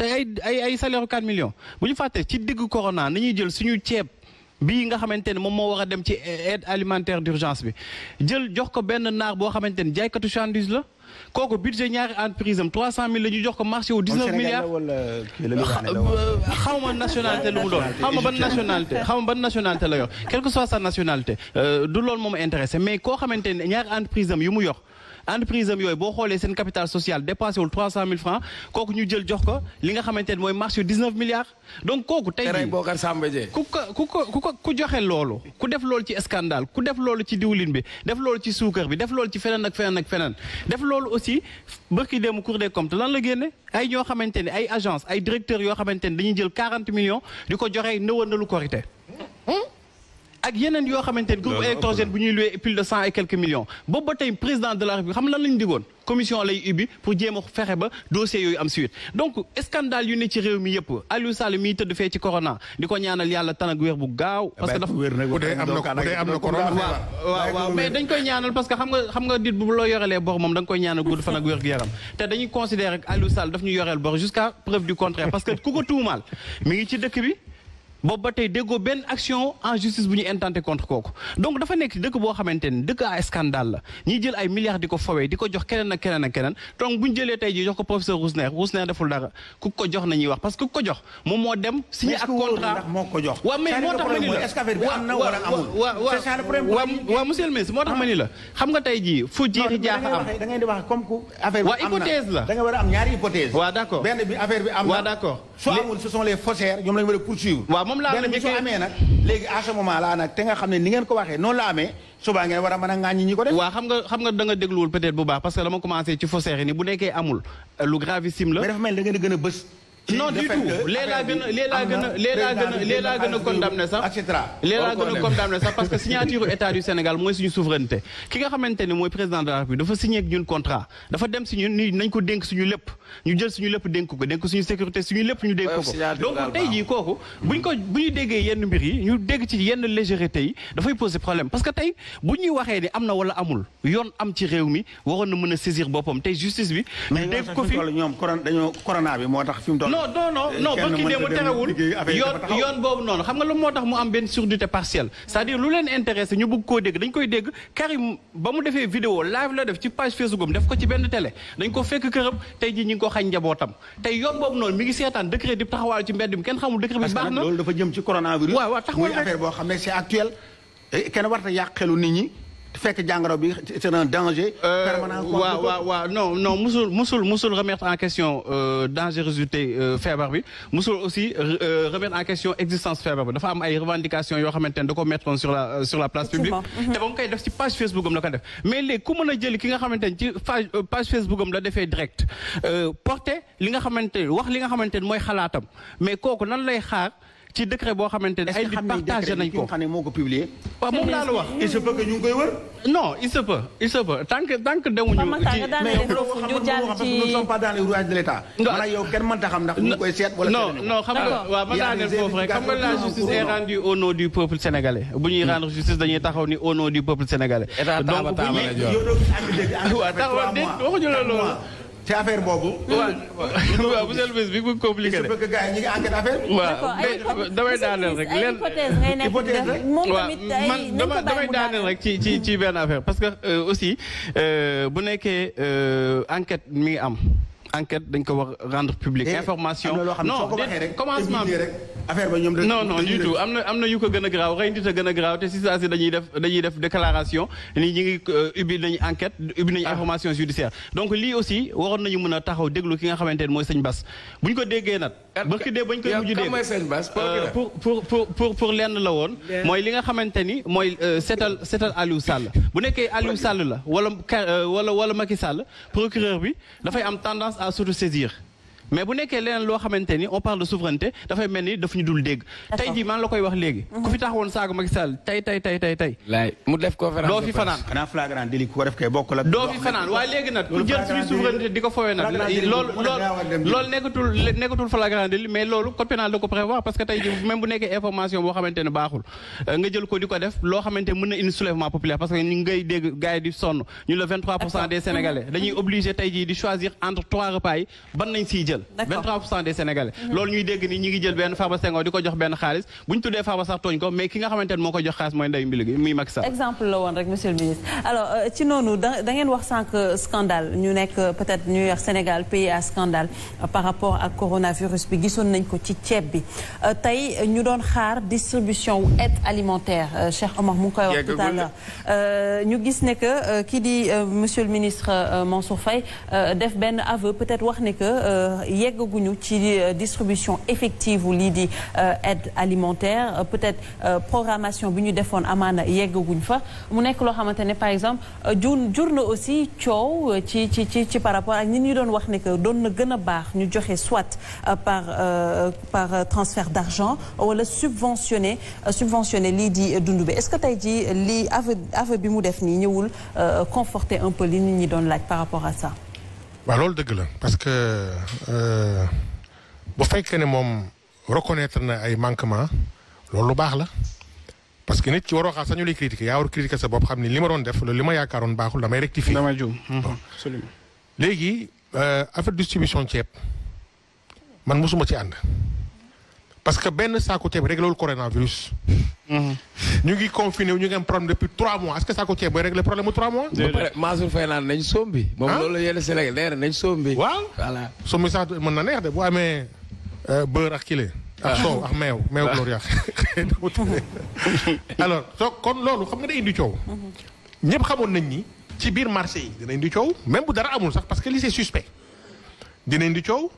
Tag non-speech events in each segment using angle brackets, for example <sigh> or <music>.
te ay ay ay salaire 4 millions bu ñu fàtte ci diggu digg na nañuy jël suñu ceeb bi nga xamante ne moom moo wax a dem ci aide alimentaire d'urgence bi jël jox ko benn naar boo xamante ne jaaykatu chandise la kooku budget ñaari entreprise am 300000 la ñu jox ko marché wu 19 milliards ah, ah, xaw ma nationalité lu mu doon xaw ma ban nationalité xaw ma ban la yor quelle que soit sa nationalité euh, du loolu moom intéressé mais koo xamante ne ñaari entreprise am yu mu yor entreprise am yooyu boo xoolee seen capital social dépassé wul trois cent mille francs kooku ñu jël jox ko li nga xamante ne mooy marché dix neuf milliards donc kooku tey ku ko ku ko ku ku joxe loolu ku def loolu ci scandale ku def loolu ci diwlin bi def loolu ci suukar bi def loolu ci feneen ak feneen ak feneen def loolu aussi bërki déemu cour des comptes lan la génne ay ñoo xamante ne ay agence ay directeurs yoo xamante ne dañuy jël quarante millions di ko joxe nëwanalu korité ak yeneen yoo xamante ni groupe électrogène bu ñuy loué plus de cent et quelques millions boobu tey président de la République xam lan lañu digoon commission lay ubbi pour jéem fexe ba dossier yooyu am suite donc scandale yu ne ci réew mi yëpp Aliou Sall miy tëdd fee ci corona di ko ñaanal yàlla tan ak wér bu gaaw eh parce que dafa waaw waaw mais dañ koy ñaanal parce que xam nga xam nga dit bu loo yorelee bor moom da koy ñaanal gudd fan ak wér te dañuy considérer Aliou Sall daf ñu yoreel bor jusqu'à que ku ko tuumaal boobu ba tey déggoo benn action en justice bu ñu intenté contre kooku donc dafa nekk dëkk boo xamante ni dëkk à scandale la ñiy jël ay milliards di ko fowee di ko jox keneen ak keneen ak keneen donc bu ñu jëlee tey ji jox ko professeur Rousner Rousner deful dara ku ko jox nañuy wax parce que ko jox moom moo dem signé ak contrat ndax moo ko jox waaw mais moo tax ma ni la moo tax ma ni la xam nga tey ji fu jeexi jaaxa am da wax comme ku affaire bi na hypothèse la da a am ñaari hypothèse waaw affaire bi am na d'accord soo amul ce ñoom la ñu war a poursuivre. moom laa benn soo amee nag. te nga xam ne ni ngeen ko waxee noonu la amee suba ngeen war a mën a ŋàññi ñi ko def. waaw xam nga xam nga da nga dégluwul peut-être bu baax parce que dama commencé ci faussaires yi bu nekkee amul euh, lu gravissime la. mais dafa a gën a bës. non du tout lee gën a lee laa gën a lee a lee laa gën a condamné sax parce que <laughs> signature état du Sénégal mooy suñu souveraineté ki nga xamante ni mooy président de la République dafa lépp ñu jël suñu lépp dénk ko dénk suñu sécurité suñu lépp ñu dénk ko ko bu ñu déggee yenn mbir yi ñu dégg ci yenn légèreté yi dafay poser problème parce que tey bu ñuy waxee ni am na wala amul yoon am ci réew mi waroon na mën a saisir boppam tey justice bi ñu dégg ko fi ñoom dañoo corona bi ba ki dee mu terewul yoon boobu noonu xam nga lu moo tax mu am benn surdité partielle cest dire lu leen intéressé ñu bëgg koo dégg dañ koy dégg Karim ba mu defee vidéo live ko ci benn télé ko xañ njabootam tey yoon boobu noonu mi ngi seetaan décret di taxawaayu ci mbedd mi kenn xamul décret bi baax na loolu dafa jëm ci coronavirus. waaw waaw taxawal muy affaire boo xam ne c'est actuel. Eh, kenn warta yàq xelu nit ñi. fekk jàngoro bi c'est un danger. Euh, permanent wa waaw waaw non non musul musul musul remettre en question euh, dangerosité euh, feebar bi musul aussi remettre en question existence feebar bi dafa am ay revendications yoo xamante ne da ko mettre sur la sur la place publique. Mhm. te ba mu koy def ci page Facebook am la ko def mais léegi ku mën a jël ki nga xamante ne ci page page Facebook am la defee direct porté li nga xamante wax li nga xamante ne mooy xalaatam mais kooku nan lay xaar. ci décret boo xamante ne ay nit partagé ko xam ne moo ko publié waaw moom wax il se peut que ñu ngi koy wër non il se peut il se peut tant que tant que demuñu nous sommes pas dans les rouages de l'état maanaam yow kenn mënta xam ndax ñu koy seet wala non non xam nga waaw ma daaneel foofu rek xam nga la justice est rendue au nom du peuple sénégalais bu rendre mm. justice dañuy taxaw ni au nom du peuple sénégalais donc bu ñuy waxuñu la loolu te boobu. waaw bi mu compliqué bëgg gars yi damay daaneel rek lenn waaw man damay daaneel rek ci ci ci benn affaire parce que euh, aussi euh, bu nekkee euh, enquête mi ngi am. enquête dañ ko wax rendre public. information non déedéet commencement bi affaire ba ñoom non non am na am a gën a graaw te si saa si dañuy def déclaration euh, ubbi nañu enquête ubbi nañu ah. information judiciaire donc lii aussi waroon nañu mën a taxaw déglu ki nga xamante ne mooy sëñ Bass buñ ko déggee nag. barki dee bañ koy mujj dégg euh, pour pour pour pour pour ni mooy euh, seetal seetal Aliou Sall bu nekkee Aliou Sall la wala wala wala Macky procureur bi dafay am tendance à s'autosaisir mais bu nekkee leneen loo xamante ni on parle de souveraineté dafay mel ni daf ñu dul dégg. tey jii man la koy wax léegi. Mhm. ku fi taxawoon saaga Macky Sall tey tey tey tey tey. laay mu def conférence doo fi fanaan. xanaa flagrant délit ku ko def kay bokk la. doo fi fanaan waaye léegi nag. ku jël suñu souveraineté di ko fowee nag. loolu loolu loolu nekkatul nekkatul flagrant délit mais loolu code pénal da ko prévoir parce que tey jii même bu nekkee information boo xamante baaxul euh, nga jël ko di ko def loo xamante mën na indi soulèvement populaire jël 23 pour cent des sénégalais mhm. loolu ñuy dégg ni ñi ngi jël benn Farba Senghor bu ñu tuddee Farba sax tooñ ko mais ki nga xamante moo ko jox xaalis mooy nday mbilu muy Macky Sall exemple la woon rek monsieur le ministre alors euh, ci ñu nekk euh, peut-être ñu wax Sénégal pays à scandale euh, par ko ci ceeb bi tey ñu doon xaar distribution wu mu ngi koy wax ne que kii di monsieur le ministre Mansour Faye def benn aveu peut-être wax ne yégaguñu ci euh, distribution effective wu lii di euh, aide alimentaire euh, peut-être programmation bi ñu defoon amaana yeggaguñ fa mu nekk loo xamante ne par exemple jur jur na aussi coow ci ci ci ci par rapport ak ni ñu doon wax ne que doon na gën a baax ñu joxe soit par par transfert d'argent wala subventionné subventionné lii di dundu bi est-ce que tey jii lii ave ave bi mu def nii ñëwul conforter un peu li ni ñi doon laaj par rapport à ça waaw loolu dëgg la parce que euh, bu fekkee ne moom reconnaître na ay manquement loolu lu baax la parce que nit ki waroo xaar sañu lay critiquer yaa war critiquer sa bopp xam ni li ma doon def li ma yaakaaroon baaxul damay rectifier. damay juum absolument léegi euh, affaire distribution ceeb man mosuma ci ànd. parce que benn saako ceeb réglé wul coronavirus. Mhm. ñu ngi confiné ñu ngi am problème depuis 3 mois est ce que saako ceeb booy réglé problème mu 3 mois. ba pare Mansour nañ soom bi. moom loolu yële Sénégal nee nañ soom bi. waaw soom bi sax mën na neex de bu amee euh, beurre ak kile. ak soow ak meew meew gloria. <laughs> alors soo kon loolu xam nga day indi coow. Mhm. xamoon nañ ni ci biir marché yi dina indi coow même bu dara amul sax parce que li c'est suspect dina indi coow.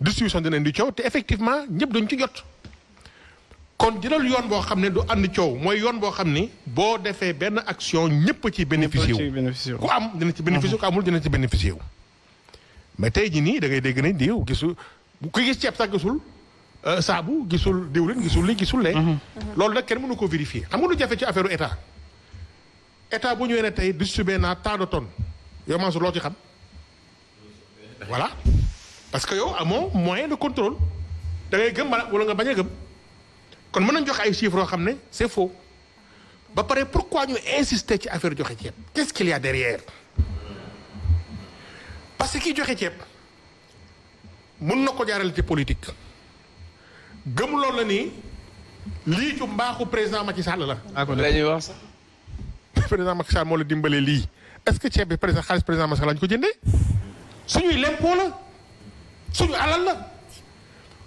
distribution dina di coow te effectivement ñëpp dañ ci jot. kon jëlal yoon boo xam ne du ànd coow mooy yoon boo xam ni boo defee benn action ñëpp ci bénéficié wu ku am dina ci bénéficié wu ku amul ci bénéficié wu mais tey jii nii da ngay dégg ne diw gisul ku gis ceeb sax gisul euh, saabu gisul diwlin gisul li gisul lee mhm. loolu nag kenn mënu ko vérifier xam nga lu jafe ci affaire état état bu ñëwee ne tey distribué naa tant de tonnes yow man loo ci xam voilà parce que yow amoo moyen de contrôle da ngay gëm wala nga bañ a gëm kon mën nañ joxe ay chiffres yoo xam ne c'est faux ba pare pour pourquoi ñu insister ci affaire joxe ceeb qu'est-ce qu'il y derrière parce que kiy joxe ceeb mën na ko jaarale ci politique gëm loolu la nii lii ci mbaaxu président Macky Sall la. ah kon la ñuy wax sax. président moo la dimbalee lii est-ce que ceeb bi président xaalis président ma Sall lañu ko jëndee suñuy léppoo la. suñu alal la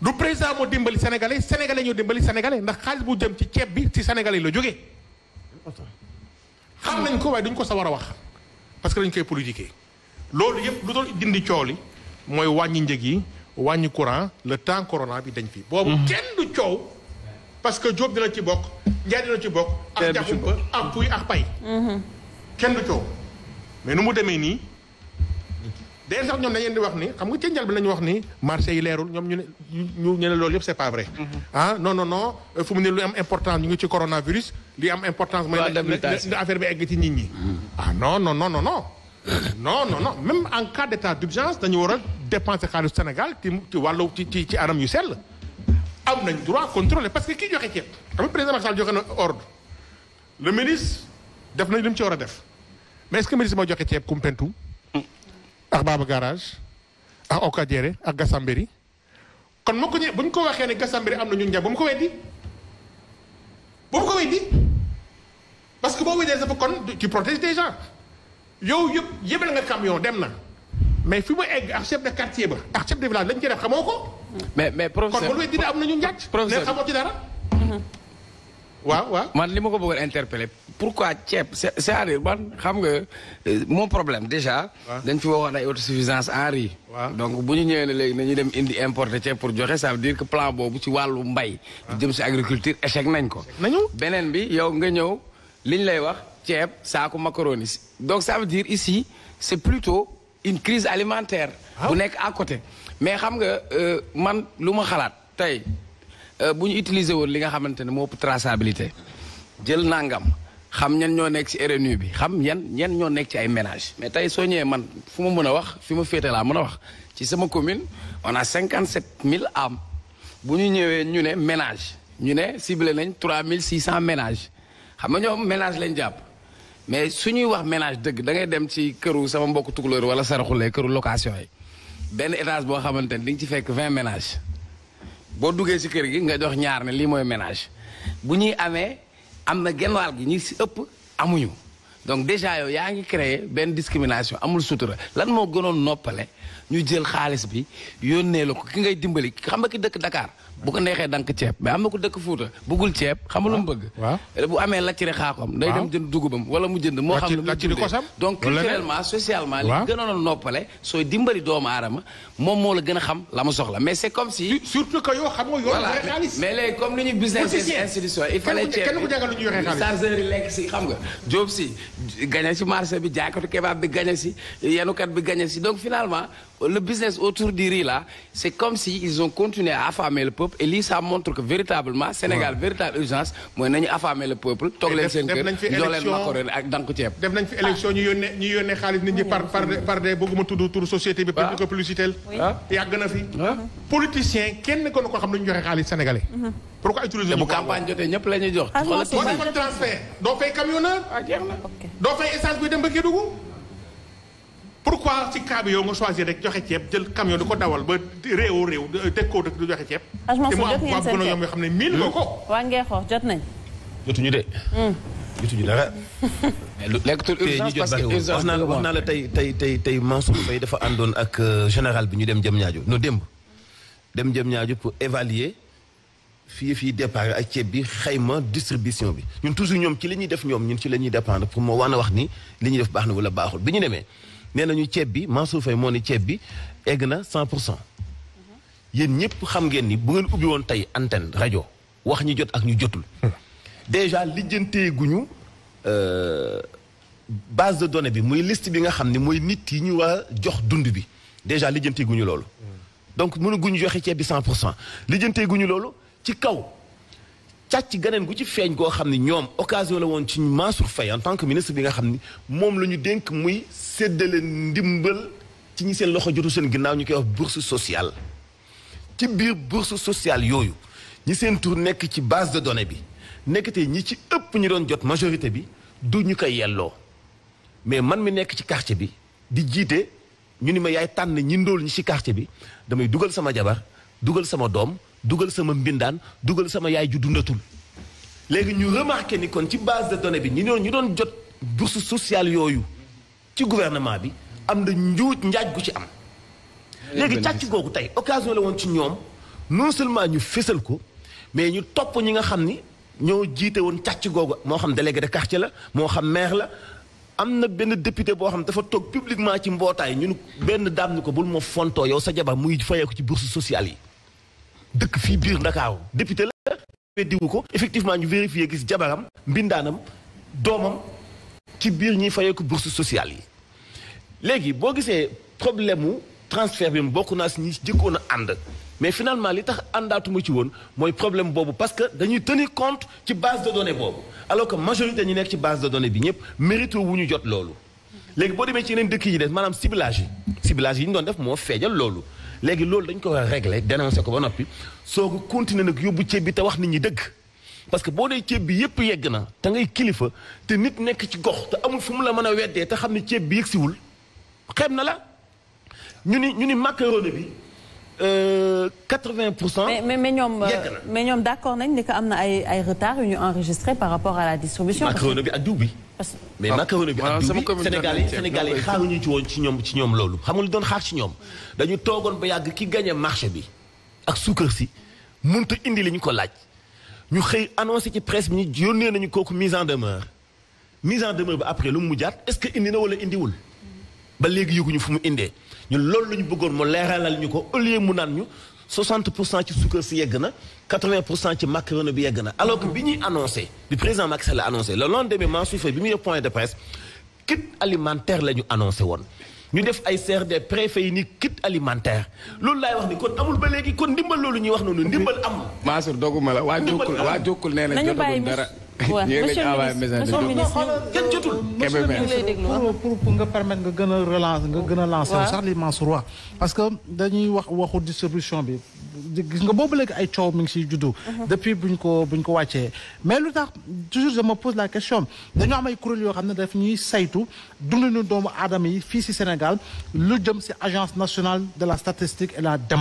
du président moo dimbali sénégalais sénégalais ñoo dimbali sénégalais ndax xaalis bu dem ci ceeb bi ci sénégalais la jógee. xam nañ ko waaye duñ ko sa war a wax parce que dañ koy politiquer loolu yëpp lu doon dindi coow li mooy wàññi njëg yi wàññi courant le temps corona bi dañ fi. boobu mhm. kenn du coow parce que Diop dina ci bokk Ndiaye dina ci bokk. ak jaxum ba ak puy ak pay. Mhm. kenn du coow mais nu mu demee nii. d'ailleurs sax ñoom dañu di wax ni xam nga ci njël bi ñu wax ni marché yi leerul ñoom ñu ne ñu ne loolu yëpp c'est pas vrai. Mm-hmm. ah non non non fu mu ne lu am importance ñu ngi ci coronavirus li am importance. mooy affaire bi egg ci nit ñi. Mm-hmm. ah non non non non non. non même en cas d'état d'urgence dañu war a dépenser xaalis Sénégal ci ci ci ci ci anam yu sell. am nañ droit contrôler parce que kii joxe ceeb xam nga président Macky Sall joxe na ordre le ministre def nañ li ci war a def mais est-ce que ministre moo joxe ceeb kumpentu ak baaba Garage ak Okadiere ak Gasambiri kon moo ko ñëwee bu ñu ko waxee ne Gasambiri am na ñu njaay bu mu ko weddi bu mu ko weddi parce que boo weddee sa fa kon tu protèges des gens yow yëpp yëbal nga camion dem na mais fi mu egg ak chef de quartier ba ak chef de village lañ ci def xamoo ko. mais mais professeur kon bu lu weddi am na ñu njaaj. professeur ne xamoo ci dara. Mm-hmm. waaw waa man li ma ko bëggoon interpeller pourquoi ceeb c'est-à-dire man xam nga euh, mon problème déjà. dañ fi waxoon ay autosuffisance en riz. donc bu ñu ñëwee ne léegi nañu dem indi importer ceeb pour joxe ça veut dire que plan boobu ci wàllu mbay. jëm si agriculture échec nañ ko. nañu beneen bi yow nga ñëw liñ lay wax ceeb saako macaroni donc ça veut dire ici c'est plutôt une crise alimentaire. Ah bu nekk à côté mais xam nga euh, man lu ma xalaat tey. Euh, bu ñu utiliser woon li nga xamante ne moo ëpp traçabilité jël nangam xam ñan ñoo nekk ci RNU bi xam yan ñan ñoo nekk ci ay ménage mais tey soo ñëwee man fu ma mën a wax fi ma féete laa mën a wax ci sama commune on a mille âmes bu ñu ñëwee ñu ne ménage ñu ne ciblé nañ 3600 ménages xam nga ñoom ménage lañ jàpp mais su ñuy wax ménage dëgg dangay dem ci këru sama mbokku tukulóor wala saraxulee këru location yi benn étage boo xamante ne di nga ci fekk vingt ménages. boo duggee si kër gi nga jox ñaar ne lii mooy ménage bu ñuy amee am na genn wàll gi ñi si ëpp amuñu donc déjà yow yaa ngi créé benn discrimination amul sutura lan moo gënoon noppale ñu jël xaalis bi yónnee la ko ki ngay dimbali xam nga ki dëkk dakaar bu ko neexee dank ceeb mais am na ko dëkk Fuuta bëggul ceeb xam nga lu mu bëgg eh, bu amee lacciri xaaxam day dem jënd dugubam wala mu jënd moo xam ne donc culturellement socialement li gënoon a noppale sooy dimbali doomu aadama moom moo la gën a xam la ma soxla mais c'est comme si surtout que yoo xam nga yoo yoree xaalis mais léegi comme ni ñu business institution il fallait ceeb chargeur xam nga job si gañe si marché bi jaaykatu kebaab bi gañe si yenukat bi gañe si donc finalement le business autour du riz là c'est comme si ils ont continué à affamer le peuple et lii ça montre que véritablement Sénégal véritable urgence mooy nañu affamer le peuple toog leen seen def nañ fi élection ñu yónnee xaalis nit ñi par des bëgguma tudd tur société bi ah. publico publicité ah. fi ah. politicien kenn ko na ko xam nañu joxe xaalis mm-hmm. utiliser bu campagne jotee ñëpp la jox xoolal transfert doo fay camionneur doo fay essence buy dem ba pourquoi ci cas bi yow nga choisir rek joxe ceeb jël camion di ko dawal ba réew réew teg koo dëkk du joxe ceeb. Ah, te mu xam ne miin nga ko. Hmm. waa Ngexo jot nañ. jotuñu de. Hmm. jotuñu dara. <laughs> lekkatul urgence parce que urgence naa la wax naa la tey tey tey tey Mansour Faye dafa àndoon ak euh, général bi ñu dem jëm ñaajo no démb dem jëm ñaaju pour évaluer fii fii départ ak ceeb bi xayma distribution bi ñun toujours ñoom ci li ñuy def ñoom ñun ci la ñuy dépendre pour moo waan a wax ni li ñuy def baax na wala baaxul bi ñu demee. nee nañu ceeb bi Mansour Faye moo ne ceeb bi egg na 100 pour cent yéen ñëpp xam ngeen ni bu ngeen ubbi woon tey antenne rajo wax ñu jot ak ñu jotul. <laughs> déjà lijjantee guñu euh, base de données bi muy list bi nga xam ni mooy nit yi ñu war jox dund bi déjà lijjantee guñu loolu. Hmm. donc mënu guñu joxe ceeb bi 100 pour cent lijjantee loolu ci kaw. càcc ganeen gu ci feeñ goo xam ne ñoom occasion la woon ci Mansour Faye en tant que ministre bi nga xam ni moom la ñu dénk muy séddale ndimbal ci ñi seen loxo jotu seen ginnaaw ñu koy wax bourse sociale ci biir bourse sociale yooyu ñi seen tur nekk ci base de données bi nekk te ñi ci ëpp ñu doon jot majorité bi du ñu koy yelloo mais man mi nekk ci quartier bi di jiite ñu ni ma yaay tànn ñi ndóol ñi ci quartier bi damay dugal sama jabar dugal sama doom dugal sama mbindaan dugal sama yaay ju dundatul léegi ñu remarqué ni kon ci base de données bi ñu doon ñu doon jot bourse sociale yooyu ci gouvernement bi am na njuuj njaaj gu ci am léegi càcc googu tey occasion la woon ci ñoom non seulement ñu fésal ko mais ñu topp ñi nga xam ni ñoo jiite woon càcc googu moo xam délégué de quartier la moo xam maire la am na benn député boo xam dafa toog publiquement ci mbootaay ñun benn daam ni ko bul ma fontoo yow sa jabar muy fayeeku ci bourse sociale yi dëkk fii biir Ndakaaru député la weddiwu ko effectivement ñu vérifier gis jabaram mbindaanam doomam ci biir ñuy fayeeku bourse social yi léegi boo gisee problème mu transfert bi bokk naa si ñi jëkkoon a ànd mais finalement li tax àndaatuma ci woon mooy problème boobu parce que dañuy tenir compte ci base de données boobu alors que majorité ñu nekk ci base de données bi ñëpp mérite wu ñu jot loolu léegi boo demee ci yeneen dëkk yi de maanaam ciblage yi ciblage yi ñu doon def moo feejal loolu léegi loolu dañ ko war a régler dénoncé ko ba noppi soo ko continuer nag yóbbu ceeb bi te wax nit ñi dëgg parce que boo dee ceeb bi yépp yegg na te ngay kilifa te nit nekk ci gox te amul fu mu la mën a weddee te xam ne ceeb bi yëgsiwul xeeb na la ñu ni ñu ni macaroni bi 80 euh, pour cent. mais mais ñoom mais ñoom d'accord nañ ni que am na ay ay retard yu ñu enregistré par rapport à la distribution. macaroni bi ak diw mais macaroni bi ak diw bi Sénégal yi Sénégal yi xaaruñu ci woon ci ñoom ci ñoom loolu xamul nga li doon xaar ci ñoom dañu toogoon ba yàgg ki gagné marché bi ak suukar si mënut indi li ñu ko laaj ñu xëy annoncé ci presse bi ñu yónnee nañu kooku mise en demeure mise en demeure ba après lu mu mujjaat est-ce que indi na wala indiwul ba léegi yëguñu fu mu indee ñun loolu la ñu bëggoon mu leeralal ñu ko au lieu mu naan ñu 60 pour cent ci sukkar si yegg na 80 pour cent ci macaroni bi yegg na. alors que bi ñuy annoncé bi président Macky Sall annoncé le lendemain Mansour Faye bi muy point de presse kit alimentaire la ñu annoncé woon. ñu def ay CRD préfet yi ni kit alimentaire loolu laay wax ni kon amul ba léegi kon ndimbal loolu ñuy wax noonu ndimbal amul. Mansour doguma la waa jokkul waa jokkul nee na jotagul waaw monsieur le ministre monsieur le ministre pour pour nga permettre nga gën a relance nga gën a lancer. waaw sax li Mansour wax parce que dañuy wax waxu distribution bi gis nga boobu léegi ay coow mi ngi siy juddu. Uh-huh. depuis buñ ko buñ ko wàccee mais lu tax toujours je me pose la question dañoo am ay kuréel yoo xam ne daf ñuy saytu dundinu doomu aadama yi fii si Sénégal lu jëm si agence nationale de la statistique et la démographie.